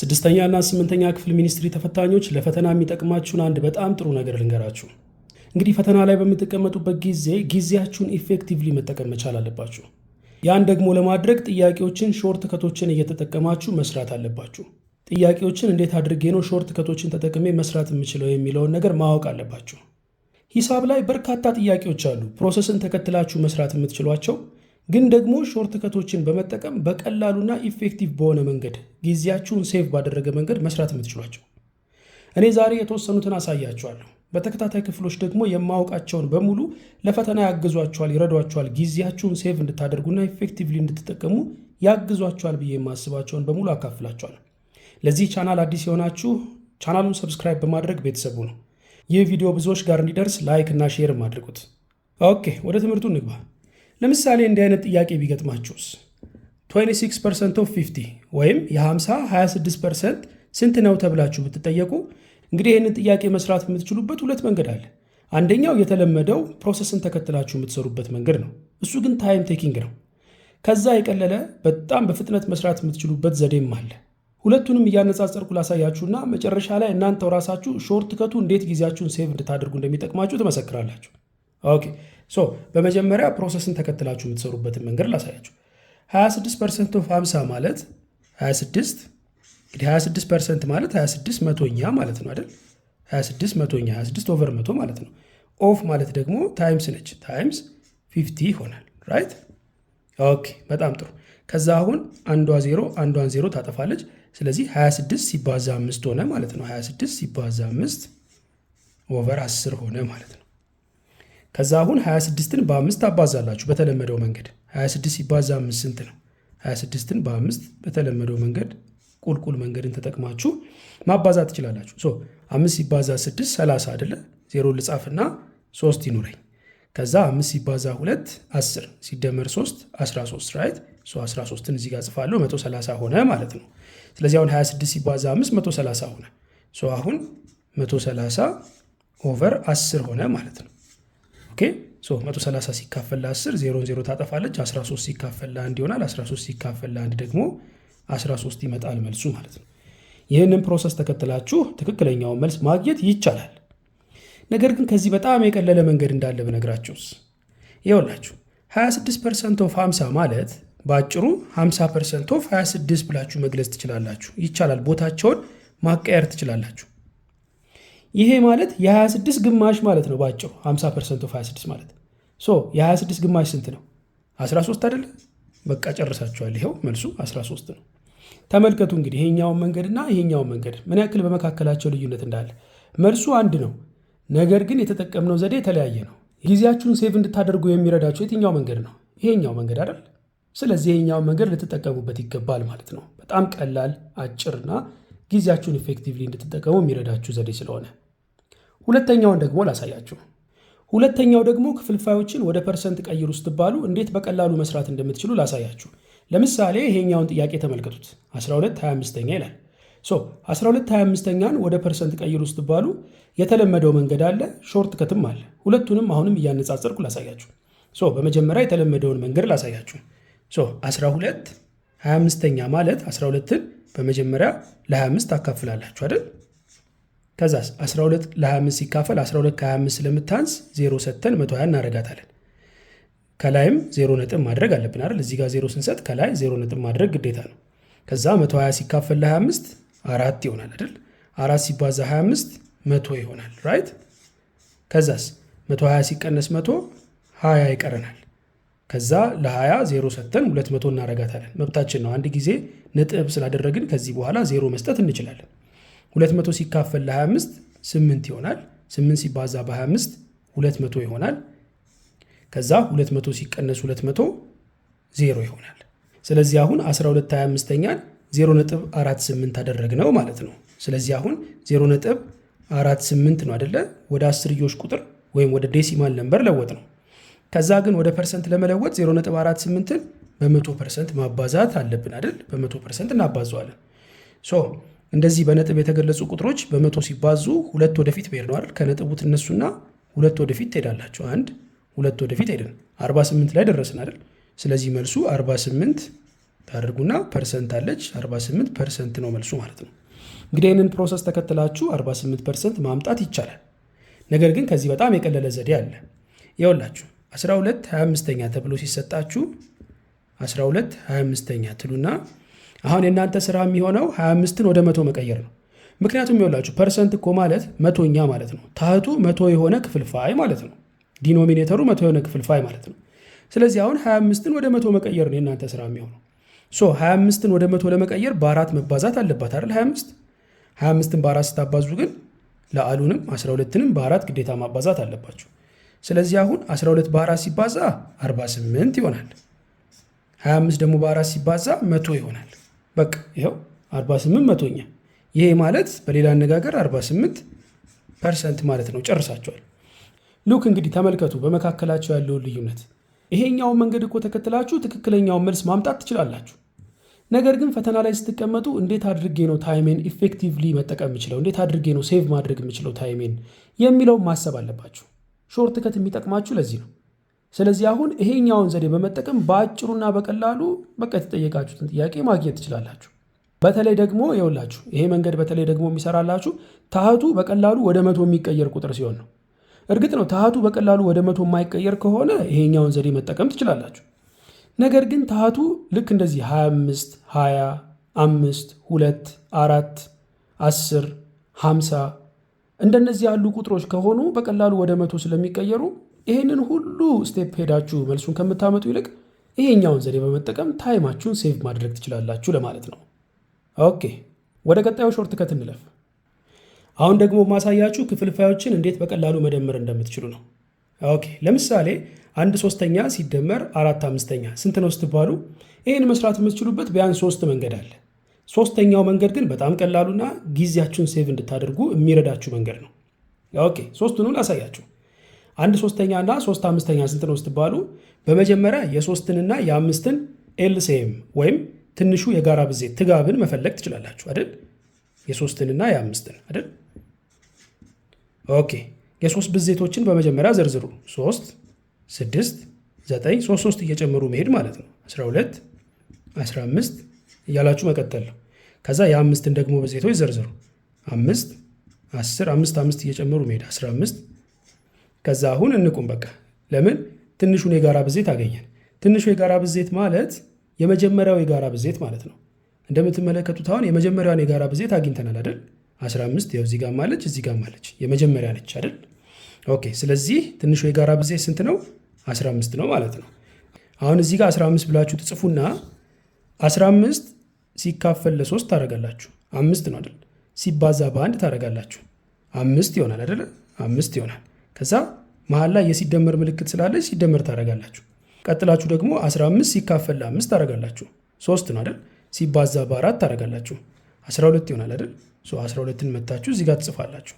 ስድስተኛ እና ስምንተኛ ክፍል ሚኒስትሪ ተፈታኞች ለፈተና የሚጠቅማችሁን አንድ በጣም ጥሩ ነገር ልንገራችሁ። እንግዲህ ፈተና ላይ በምትቀመጡበት ጊዜ ጊዜያችሁን ኢፌክቲቭሊ መጠቀም መቻል አለባችሁ። ያን ደግሞ ለማድረግ ጥያቄዎችን ሾርት ከቶችን እየተጠቀማችሁ መስራት አለባችሁ። ጥያቄዎችን እንዴት አድርጌ ነው ሾርት ከቶችን ተጠቅሜ መስራት የምችለው የሚለውን ነገር ማወቅ አለባችሁ። ሂሳብ ላይ በርካታ ጥያቄዎች አሉ፣ ፕሮሰስን ተከትላችሁ መስራት የምትችሏቸው ግን ደግሞ ሾርት ከቶችን በመጠቀም በቀላሉና ኢፌክቲቭ በሆነ መንገድ ጊዜያችሁን ሴቭ ባደረገ መንገድ መስራት የምትችሏቸው እኔ ዛሬ የተወሰኑትን አሳያችኋለሁ። በተከታታይ ክፍሎች ደግሞ የማወቃቸውን በሙሉ ለፈተና ያግዟችኋል፣ ይረዷችኋል። ጊዜያችሁን ሴቭ እንድታደርጉና ኢፌክቲቭሊ እንድትጠቀሙ ያግዟችኋል ብዬ የማስባቸውን በሙሉ አካፍላችኋል። ለዚህ ቻናል አዲስ የሆናችሁ ቻናሉን ሰብስክራይብ በማድረግ ቤተሰቡ ነው። ይህ ቪዲዮ ብዙዎች ጋር እንዲደርስ ላይክ እና ሼርም አድርጉት። ኦኬ፣ ወደ ትምህርቱ እንግባ። ለምሳሌ እንዲህ አይነት ጥያቄ ቢገጥማችሁስ 26 ፐርሰንት ኦፍ 50 ወይም የ50 26 ፐርሰንት ስንት ነው ተብላችሁ ብትጠየቁ እንግዲህ ይህንን ጥያቄ መስራት የምትችሉበት ሁለት መንገድ አለ። አንደኛው የተለመደው ፕሮሰስን ተከትላችሁ የምትሰሩበት መንገድ ነው። እሱ ግን ታይም ቴኪንግ ነው። ከዛ የቀለለ በጣም በፍጥነት መስራት የምትችሉበት ዘዴም አለ። ሁለቱንም እያነጻጸርኩ ላሳያችሁና መጨረሻ ላይ እናንተው ራሳችሁ ሾርት ከቱ እንዴት ጊዜያችሁን ሴቭ እንድታደርጉ እንደሚጠቅማችሁ ትመሰክራላችሁ። ኦኬ ሶ በመጀመሪያ ፕሮሰስን ተከትላችሁ የምትሰሩበትን መንገድ ላሳያችሁ። 26 ፐርሰንት ኦፍ 50 ማለት 26 እንግዲህ 26 ፐርሰንት ማለት 26 መቶኛ ማለት ነው አይደል? 26 መቶኛ 26 ኦቨር መቶ ማለት ነው። ኦፍ ማለት ደግሞ ታይምስ ነች። ታይምስ 50 ይሆናል። ራይት ኦኬ፣ በጣም ጥሩ። ከዛ አሁን አንዷ ዜሮ አንዷን ዜሮ ታጠፋለች። ስለዚህ 26 ሲባዛ 5 ሆነ ማለት ነው። 26 ሲባዛ 5 ኦቨር 10 ሆነ ማለት ነው። ከዛ አሁን 26ን በአምስት አባዛላችሁ በተለመደው መንገድ 26 ሲባዛ አምስት ስንት ነው? 26ን በአምስት በተለመደው መንገድ ቁልቁል መንገድን ተጠቅማችሁ ማባዛት ትችላላችሁ። አምስት ሲባዛ ስድስት 30 አይደለ? ዜሮ ልጻፍና 3 ይኑረኝ። ከዛ አምስት ሲባዛ ሁለት አስር ሲደመር ሶስት አስራ ሶስት ራይት አስራ ሶስትን እዚህ ጋር ጽፋለሁ መቶ ሰላሳ ሆነ ማለት ነው። ስለዚህ አሁን 26 ሲባዛ አምስት መቶ ሰላሳ ሆነ። አሁን መቶ ሰላሳ ኦቨር አስር ሆነ ማለት ነው። 130 ሲካፈል ለ10 ዜሮን ዜሮ ታጠፋለች። 13 ሲካፈል ለ1 ይሆናል። 13 ሲካፈል ለ1 ደግሞ 13 ይመጣል መልሱ ማለት ነው። ይህንን ፕሮሰስ ተከትላችሁ ትክክለኛውን መልስ ማግኘት ይቻላል። ነገር ግን ከዚህ በጣም የቀለለ መንገድ እንዳለ ብነግራችሁስ? ይኸውላችሁ 26 ፐርሰንት ኦፍ 50 ማለት በአጭሩ 50 ፐርሰንት ኦፍ 26 ብላችሁ መግለጽ ትችላላችሁ። ይቻላል። ቦታቸውን ማቀየር ትችላላችሁ። ይሄ ማለት የ26 ግማሽ ማለት ነው ባጭሩ 50 ፐርሰንት 26 ማለት ሶ የ26 ግማሽ ስንት ነው 13 አይደለ በቃ ጨርሳችኋል ይኸው መልሱ 13 ነው ተመልከቱ እንግዲህ ይሄኛውን መንገድና ይሄኛውን መንገድ ምን ያክል በመካከላቸው ልዩነት እንዳለ መልሱ አንድ ነው ነገር ግን የተጠቀምነው ዘዴ የተለያየ ነው ጊዜያችሁን ሴቭ እንድታደርጉ የሚረዳችሁ የትኛው መንገድ ነው ይሄኛው መንገድ አይደል ስለዚህ ይሄኛውን መንገድ ልትጠቀሙበት ይገባል ማለት ነው በጣም ቀላል አጭርና ጊዜያችሁን ኢፌክቲቭሊ እንድትጠቀሙ የሚረዳችሁ ዘዴ ስለሆነ ሁለተኛውን ደግሞ ላሳያችሁ። ሁለተኛው ደግሞ ክፍልፋዮችን ወደ ፐርሰንት ቀይሩ ስትባሉ እንዴት በቀላሉ መስራት እንደምትችሉ ላሳያችሁ። ለምሳሌ ይሄኛውን ጥያቄ ተመልከቱት። 12 25ኛ ይላል። ሶ 12 25ኛን ወደ ፐርሰንት ቀይሩ ስትባሉ የተለመደው መንገድ አለ፣ ሾርት ከትም አለ። ሁለቱንም አሁንም እያነጻጸርኩ ላሳያችሁ። ሶ በመጀመሪያ የተለመደውን መንገድ ላሳያችሁ። ሶ 12 25ኛ ማለት 12ን በመጀመሪያ ለ25 አካፍላላችሁ አይደል? ከዛስ 12 ለ25 ሲካፈል 12 ከ25 ስለምታንስ 0 ሰተን 120 እናደርጋታለን። ከላይም 0 ነጥብ ማድረግ አለብን አይደል? እዚህ ጋር 0 ስንሰጥ ከላይ 0 ነጥብ ማድረግ ግዴታ ነው። ከዛ 120 ሲካፈል ለ25 አራት ይሆናል አይደል? አራት ሲባዛ 25 መቶ ይሆናል ራይት። ከዛስ 120 ሲቀነስ መቶ 20 ይቀረናል። ከዛ ለ20 0 ሰተን 200 እናረጋታለን። መብታችን ነው። አንድ ጊዜ ነጥብ ስላደረግን ከዚህ በኋላ 0 መስጠት እንችላለን። 200 ሲካፈል ለ25 8 ይሆናል። 8 ሲባዛ በ25 200 ይሆናል። ከዛ 200 ሲቀነስ 200 0 ይሆናል። ስለዚህ አሁን 12 25ኛን 0.48 አደረግነው ማለት ነው። ስለዚህ አሁን 0.48 ነው አደለ? ወደ አስርዮሽ ቁጥር ወይም ወደ ዴሲማል ነምበር ለወጥ ነው። ከዛ ግን ወደ ፐርሰንት ለመለወጥ 0.48ን በመቶ ፐርሰንት ማባዛት አለብን አይደል? በመቶ ፐርሰንት እናባዘዋለን። እንደዚህ በነጥብ የተገለጹ ቁጥሮች በመቶ ሲባዙ ሁለት ወደፊት መሄድ ነው አይደል? ከነጥቡ ትነሱና ሁለት ወደፊት ትሄዳላችሁ። አንድ ሁለት ወደፊት ሄድን፣ 48 ላይ ደረስን አይደል? ስለዚህ መልሱ 48 ታደርጉና ፐርሰንት አለች 48 ፐርሰንት ነው መልሱ ማለት ነው። እንግዲህ ይህንን ፕሮሰስ ተከትላችሁ 48 ፐርሰንት ማምጣት ይቻላል። ነገር ግን ከዚህ በጣም የቀለለ ዘዴ አለ። ይኸውላችሁ 12 25ኛ ተብሎ ሲሰጣችሁ 12 25ኛ ትሉና አሁን የእናንተ ስራ የሚሆነው 25ን ወደ መቶ መቀየር ነው። ምክንያቱም የሚወላችሁ ፐርሰንት እኮ ማለት መቶኛ ማለት ነው። ታህቱ መቶ የሆነ ክፍልፋይ ማለት ነው። ዲኖሚኔተሩ መቶ የሆነ ክፍልፋይ ማለት ነው። ስለዚህ አሁን 25ን ወደ መቶ መቀየር ነው የእናንተ ስራ የሚሆነው። ሶ 25ን ወደ መቶ ለመቀየር በአራት መባዛት አለባት አይደል? 25 25ን በአራት ስታባዙ ግን ለአሉንም 12ንም በአራት ግዴታ ማባዛት አለባችሁ። ስለዚህ አሁን 12 በአራት ሲባዛ 48 ይሆናል። 25 ደግሞ በአራት ሲባዛ መቶ ይሆናል። በቃ ይኸው 48 መቶኛ። ይሄ ማለት በሌላ አነጋገር 48 ፐርሰንት ማለት ነው። ጨርሳቸዋል። ሉክ እንግዲህ ተመልከቱ በመካከላቸው ያለውን ልዩነት። ይሄኛውን መንገድ እኮ ተከትላችሁ ትክክለኛውን መልስ ማምጣት ትችላላችሁ። ነገር ግን ፈተና ላይ ስትቀመጡ እንዴት አድርጌ ነው ታይሜን ኢፌክቲቭሊ መጠቀም የምችለው፣ እንዴት አድርጌ ነው ሴቭ ማድረግ የምችለው ታይሜን የሚለው ማሰብ አለባችሁ። ሾርት ከት የሚጠቅማችሁ ለዚህ ነው። ስለዚህ አሁን ይሄኛውን ዘዴ በመጠቀም በአጭሩና በቀላሉ በቃ የተጠየቃችሁትን ጥያቄ ማግኘት ትችላላችሁ። በተለይ ደግሞ ይኸውላችሁ ይሄ መንገድ በተለይ ደግሞ የሚሰራላችሁ ታህቱ በቀላሉ ወደ መቶ የሚቀየር ቁጥር ሲሆን ነው። እርግጥ ነው ታህቱ በቀላሉ ወደ መቶ የማይቀየር ከሆነ ይሄኛውን ዘዴ መጠቀም ትችላላችሁ። ነገር ግን ታህቱ ልክ እንደዚህ 25፣ 20፣ አምስት፣ ሁለት፣ አራት፣ አስር፣ ሀምሳ እንደነዚህ ያሉ ቁጥሮች ከሆኑ በቀላሉ ወደ መቶ ስለሚቀየሩ ይህንን ሁሉ ስቴፕ ሄዳችሁ መልሱን ከምታመጡ ይልቅ ይሄኛውን ዘዴ በመጠቀም ታይማችሁን ሴቭ ማድረግ ትችላላችሁ ለማለት ነው። ኦኬ ወደ ቀጣዩ ሾርት ከት እንለፍ። አሁን ደግሞ ማሳያችሁ ክፍልፋዮችን እንዴት በቀላሉ መደመር እንደምትችሉ ነው። ኦኬ ለምሳሌ አንድ ሶስተኛ ሲደመር አራት አምስተኛ ስንት ነው ስትባሉ ይህን መስራት የምትችሉበት ቢያንስ ሶስት መንገድ አለ። ሶስተኛው መንገድ ግን በጣም ቀላሉና ጊዜያችሁን ሴቭ እንድታደርጉ የሚረዳችሁ መንገድ ነው። ኦኬ ሶስቱንም ላሳያችሁ። አንድ ሶስተኛ እና ሶስት አምስተኛ ስንት ነው ስትባሉ በመጀመሪያ የሶስትንና የአምስትን ኤልሲኤም ወይም ትንሹ የጋራ ብዜት ትጋብን መፈለግ ትችላላችሁ አይደል? የሶስትንና የአምስትን አይደል? ኦኬ የሶስት ብዜቶችን በመጀመሪያ ዘርዝሩ። ሶስት፣ ስድስት፣ ዘጠኝ ሶስት ሶስት እየጨመሩ መሄድ ማለት ነው። አስራ ሁለት አስራ አምስት እያላችሁ መቀጠል ነው። ከዛ የአምስትን ደግሞ ብዜቶች ዘርዝሩ። አምስት አስር አምስት አምስት እየጨመሩ መሄድ አስራ አምስት ከዛ አሁን እንቁም በቃ ለምን ትንሹን የጋራ ብዜት አገኘን። ትንሹ የጋራ ብዜት ማለት የመጀመሪያው የጋራ ብዜት ማለት ነው። እንደምትመለከቱት አሁን የመጀመሪያውን የጋራ ብዜት አግኝተናል አይደል? 15 ያው እዚህ ጋር ማለች እዚህ ጋር ማለች የመጀመሪያ ነች አይደል? ኦኬ ስለዚህ ትንሹ የጋራ ብዜት ስንት ነው? 15 ነው ማለት ነው። አሁን እዚህ ጋር 15 ብላችሁ ትጽፉና 15 ሲካፈል ለሶስት ታደርጋላችሁ። አምስት ነው አይደል? ሲባዛ በአንድ ታደርጋላችሁ። አምስት ይሆናል አይደል? አምስት ይሆናል ከዛ መሀል ላይ የሲደመር ምልክት ስላለ ሲደመር ታደርጋላችሁ። ቀጥላችሁ ደግሞ 15 ሲካፈል ለአምስት ታደርጋላችሁ። ሶስት ነው አይደል? ሲባዛ በአራት ታደርጋላችሁ 12 ይሆናል አይደል? 12ን መታችሁ እዚህ ጋር ትጽፋላችሁ።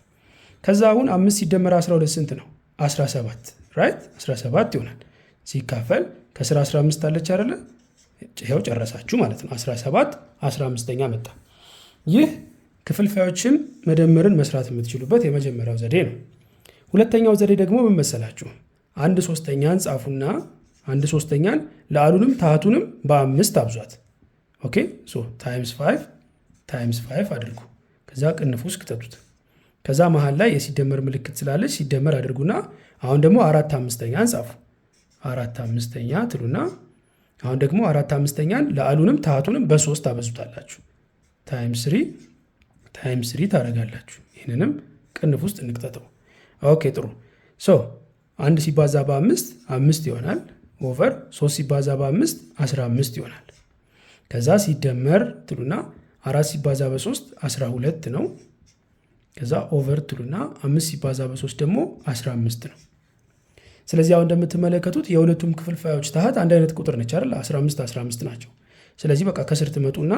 ከዛ አሁን አምስት ሲደመር 12 ስንት ነው? 17 ራይት 17 ይሆናል። ሲካፈል ከስራ 15 አለች አይደለ? ይኸው ጨረሳችሁ ማለት ነው። 17 15ኛ መጣ። ይህ ክፍልፋዮችን መደመርን መስራት የምትችሉበት የመጀመሪያው ዘዴ ነው። ሁለተኛው ዘዴ ደግሞ ምን መሰላችሁ? አንድ ሶስተኛን ጻፉና አንድ ሶስተኛን ለአሉንም ታህቱንም በአምስት አብዟት። ኦኬ ሶ ታይምስ ፋይቭ ታይምስ ፋይቭ አድርጉ። ከዛ ቅንፉ ውስጥ ክተቱት። ከዛ መሀል ላይ የሲደመር ምልክት ስላለች ሲደመር አድርጉና አሁን ደግሞ አራት አምስተኛን ጻፉ። አራት አምስተኛ ትሉና አሁን ደግሞ አራት አምስተኛን ለአሉንም ታህቱንም በሶስት አበዙታላችሁ። ታይምስ ስሪ ታይምስ ስሪ ታደርጋላችሁ። ይህንንም ቅንፍ ውስጥ እንቅጠተው። ኦኬ ጥሩ ሶ አንድ ሲባዛ በአምስት አምስት ይሆናል ኦቨር ሶስት ሲባዛ በአምስት አስራ አምስት ይሆናል። ከዛ ሲደመር ትሉና አራት ሲባዛ በሶስት አስራ ሁለት ነው። ከዛ ኦቨር ትሉና አምስት ሲባዛ በሶስት ደግሞ አስራ አምስት ነው። ስለዚህ አሁን እንደምትመለከቱት የሁለቱም ክፍልፋዮች ታህት አንድ አይነት ቁጥር ነች አይደል? 15 15 ናቸው። ስለዚህ በቃ ከስር ትመጡና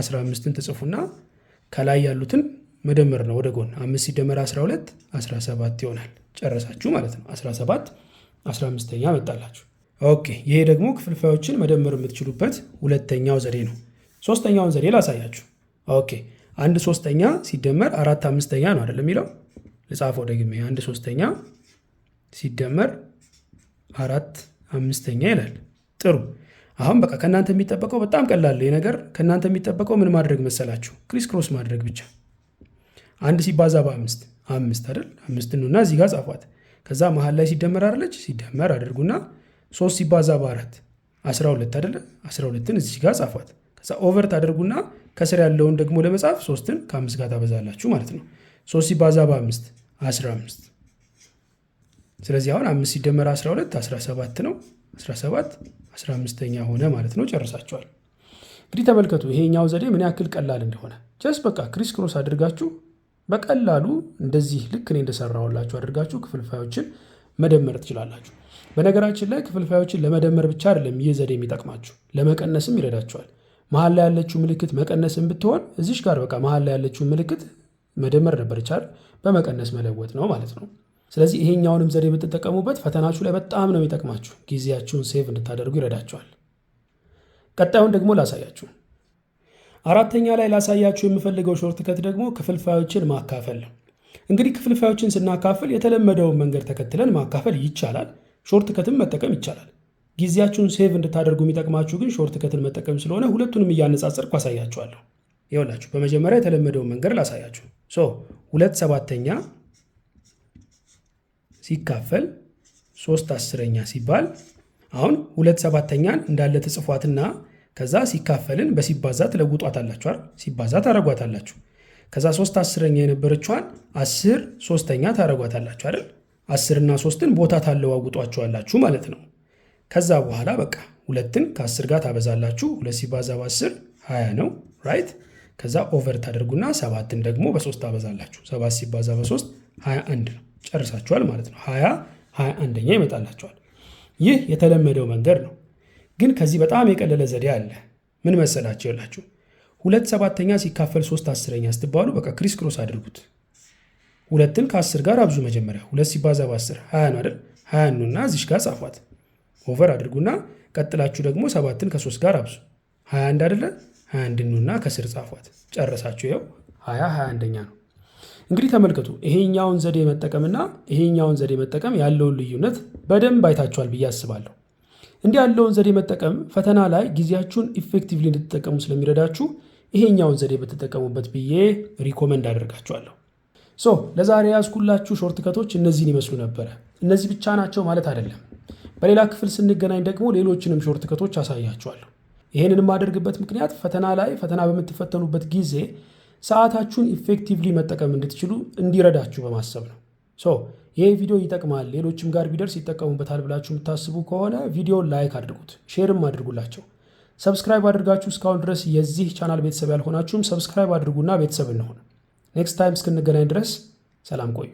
15ን ትጽፉና ከላይ ያሉትን መደመር ነው ወደ ጎን አምስት ሲደመር 12 17 ይሆናል። ጨረሳችሁ ማለት ነው። 17 15ኛ መጣላችሁ። ኦኬ ይሄ ደግሞ ክፍልፋዮችን መደመር የምትችሉበት ሁለተኛው ዘዴ ነው። ሶስተኛውን ዘዴ ላሳያችሁ። ኦኬ አንድ ሶስተኛ ሲደመር አራት አምስተኛ ነው አደለም የሚለው ልጻፈው ደግሜ አንድ ሶስተኛ ሲደመር አራት አምስተኛ ይላል። ጥሩ አሁን በቃ ከእናንተ የሚጠበቀው በጣም ቀላል ነገር። ከእናንተ የሚጠበቀው ምን ማድረግ መሰላችሁ? ክሪስ ክሮስ ማድረግ ብቻ አንድ ሲባዛ በአምስት አምስት አይደል አምስት ነውና እዚህ ጋር ጻፏት። ከዛ መሀል ላይ ሲደመር አለች ሲደመር አድርጉና ሶስት ሲባዛ በአራት አስራ ሁለት አይደለ አስራ ሁለትን እዚህ ጋር ጻፏት። ከዛ ኦቨር ታደርጉና ከስር ያለውን ደግሞ ለመጻፍ ሶስትን ከአምስት ጋር ታበዛላችሁ ማለት ነው። ሶስት ሲባዛ በአምስት አስራ አምስት ስለዚህ አሁን አምስት ሲደመር አስራ ሁለት አስራ ሰባት ነው። አስራ ሰባት አስራ አምስተኛ ሆነ ማለት ነው። ጨርሳችኋል። እንግዲህ ተመልከቱ ይሄኛው ዘዴ ምን ያክል ቀላል እንደሆነ ጀስት በቃ ክሪስ ክሮስ አድርጋችሁ በቀላሉ እንደዚህ ልክ እኔ እንደሰራሁላችሁ አድርጋችሁ ክፍልፋዮችን መደመር ትችላላችሁ። በነገራችን ላይ ክፍልፋዮችን ለመደመር ብቻ አይደለም ይህ ዘዴ የሚጠቅማችሁ፣ ለመቀነስም ይረዳችኋል። መሀል ላይ ያለችው ምልክት መቀነስም ብትሆን እዚሽ ጋር በቃ መሀል ላይ ያለችው ምልክት መደመር ነበር ይቻል በመቀነስ መለወጥ ነው ማለት ነው። ስለዚህ ይሄኛውንም ዘዴ የምትጠቀሙበት ፈተናችሁ ላይ በጣም ነው የሚጠቅማችሁ። ጊዜያችሁን ሴቭ እንድታደርጉ ይረዳችኋል። ቀጣዩን ደግሞ ላሳያችሁ። አራተኛ ላይ ላሳያችሁ የምፈልገው ሾርትከት ደግሞ ክፍልፋዮችን ማካፈል ነው። እንግዲህ ክፍልፋዮችን ስናካፍል የተለመደውን መንገድ ተከትለን ማካፈል ይቻላል። ሾርት ከትን መጠቀም ይቻላል። ጊዜያችሁን ሴቭ እንድታደርጉ የሚጠቅማችሁ ግን ሾርትከትን መጠቀም ስለሆነ ሁለቱንም እያነጻጸርኩ አሳያችኋለሁ። ይኸውላችሁ በመጀመሪያ የተለመደውን መንገድ ላሳያችሁ። ሶ ሁለት ሰባተኛ ሲካፈል ሶስት አስረኛ ሲባል አሁን ሁለት ሰባተኛን እንዳለ ትጽፏትና ከዛ ሲካፈልን በሲባዛ ትለውጧት አላችሁ አይደል? ሲባዛ ታረጓት አላችሁ። ከዛ ሶስት አስረኛ የነበረችዋን አስር ሶስተኛ ታረጓት አላችሁ አይደል? አስርና ሶስትን ቦታ ታለዋውጧቸዋላችሁ ማለት ነው። ከዛ በኋላ በቃ ሁለትን ከአስር ጋር ታበዛላችሁ። ሁለት ሲባዛ በአስር ሀያ ነው ራይት። ከዛ ኦቨር ታደርጉና ሰባትን ደግሞ በሶስት ታበዛላችሁ። ሰባት ሲባዛ በሶስት ሀያ አንድ ነው። ጨርሳችኋል ማለት ነው። ሀያ ሀያ አንደኛ ይመጣላችኋል። ይህ የተለመደው መንገድ ነው። ግን ከዚህ በጣም የቀለለ ዘዴ አለ። ምን መሰላቸው ያላችሁ ሁለት ሰባተኛ ሲካፈል ሶስት አስረኛ ስትባሉ በቃ ክሪስ ክሮስ አድርጉት። ሁለትን ከአስር ጋር አብዙ። መጀመሪያ ሁለት ሲባዛ በአስር ሀያ ነው አይደል? ሀያ ኑና እዚሽ ጋር ጻፏት ኦቨር አድርጉና ቀጥላችሁ ደግሞ ሰባትን ከሶስት ጋር አብዙ። ሀያ አንድ አይደለ? ሀያ አንድ ኑና ከስር ጻፏት። ጨረሳችሁ። ይኸው ሀያ ሀያ አንደኛ ነው። እንግዲህ ተመልከቱ። ይሄኛውን ዘዴ መጠቀምና ይሄኛውን ዘዴ መጠቀም ያለውን ልዩነት በደንብ አይታችኋል ብዬ አስባለሁ። እንዲህ ያለውን ዘዴ መጠቀም ፈተና ላይ ጊዜያችሁን ኢፌክቲቭሊ እንድትጠቀሙ ስለሚረዳችሁ ይሄኛውን ዘዴ በተጠቀሙበት ብዬ ሪኮመንድ አደርጋችኋለሁ። ሶ ለዛሬ ያዝኩላችሁ ሾርት ከቶች እነዚህን ይመስሉ ነበረ። እነዚህ ብቻ ናቸው ማለት አይደለም። በሌላ ክፍል ስንገናኝ ደግሞ ሌሎችንም ሾርት ከቶች አሳያችኋለሁ። ይህንን የማደርግበት ምክንያት ፈተና ላይ ፈተና በምትፈተኑበት ጊዜ ሰዓታችሁን ኢፌክቲቭሊ መጠቀም እንድትችሉ እንዲረዳችሁ በማሰብ ነው። ይሄ ቪዲዮ ይጠቅማል፣ ሌሎችም ጋር ቢደርስ ይጠቀሙበታል ብላችሁ የምታስቡ ከሆነ ቪዲዮ ላይክ አድርጉት፣ ሼርም አድርጉላቸው። ሰብስክራይብ አድርጋችሁ እስካሁን ድረስ የዚህ ቻናል ቤተሰብ ያልሆናችሁም ሰብስክራይብ አድርጉና ቤተሰብ እንሆን። ኔክስት ታይም እስክንገናኝ ድረስ ሰላም ቆዩ።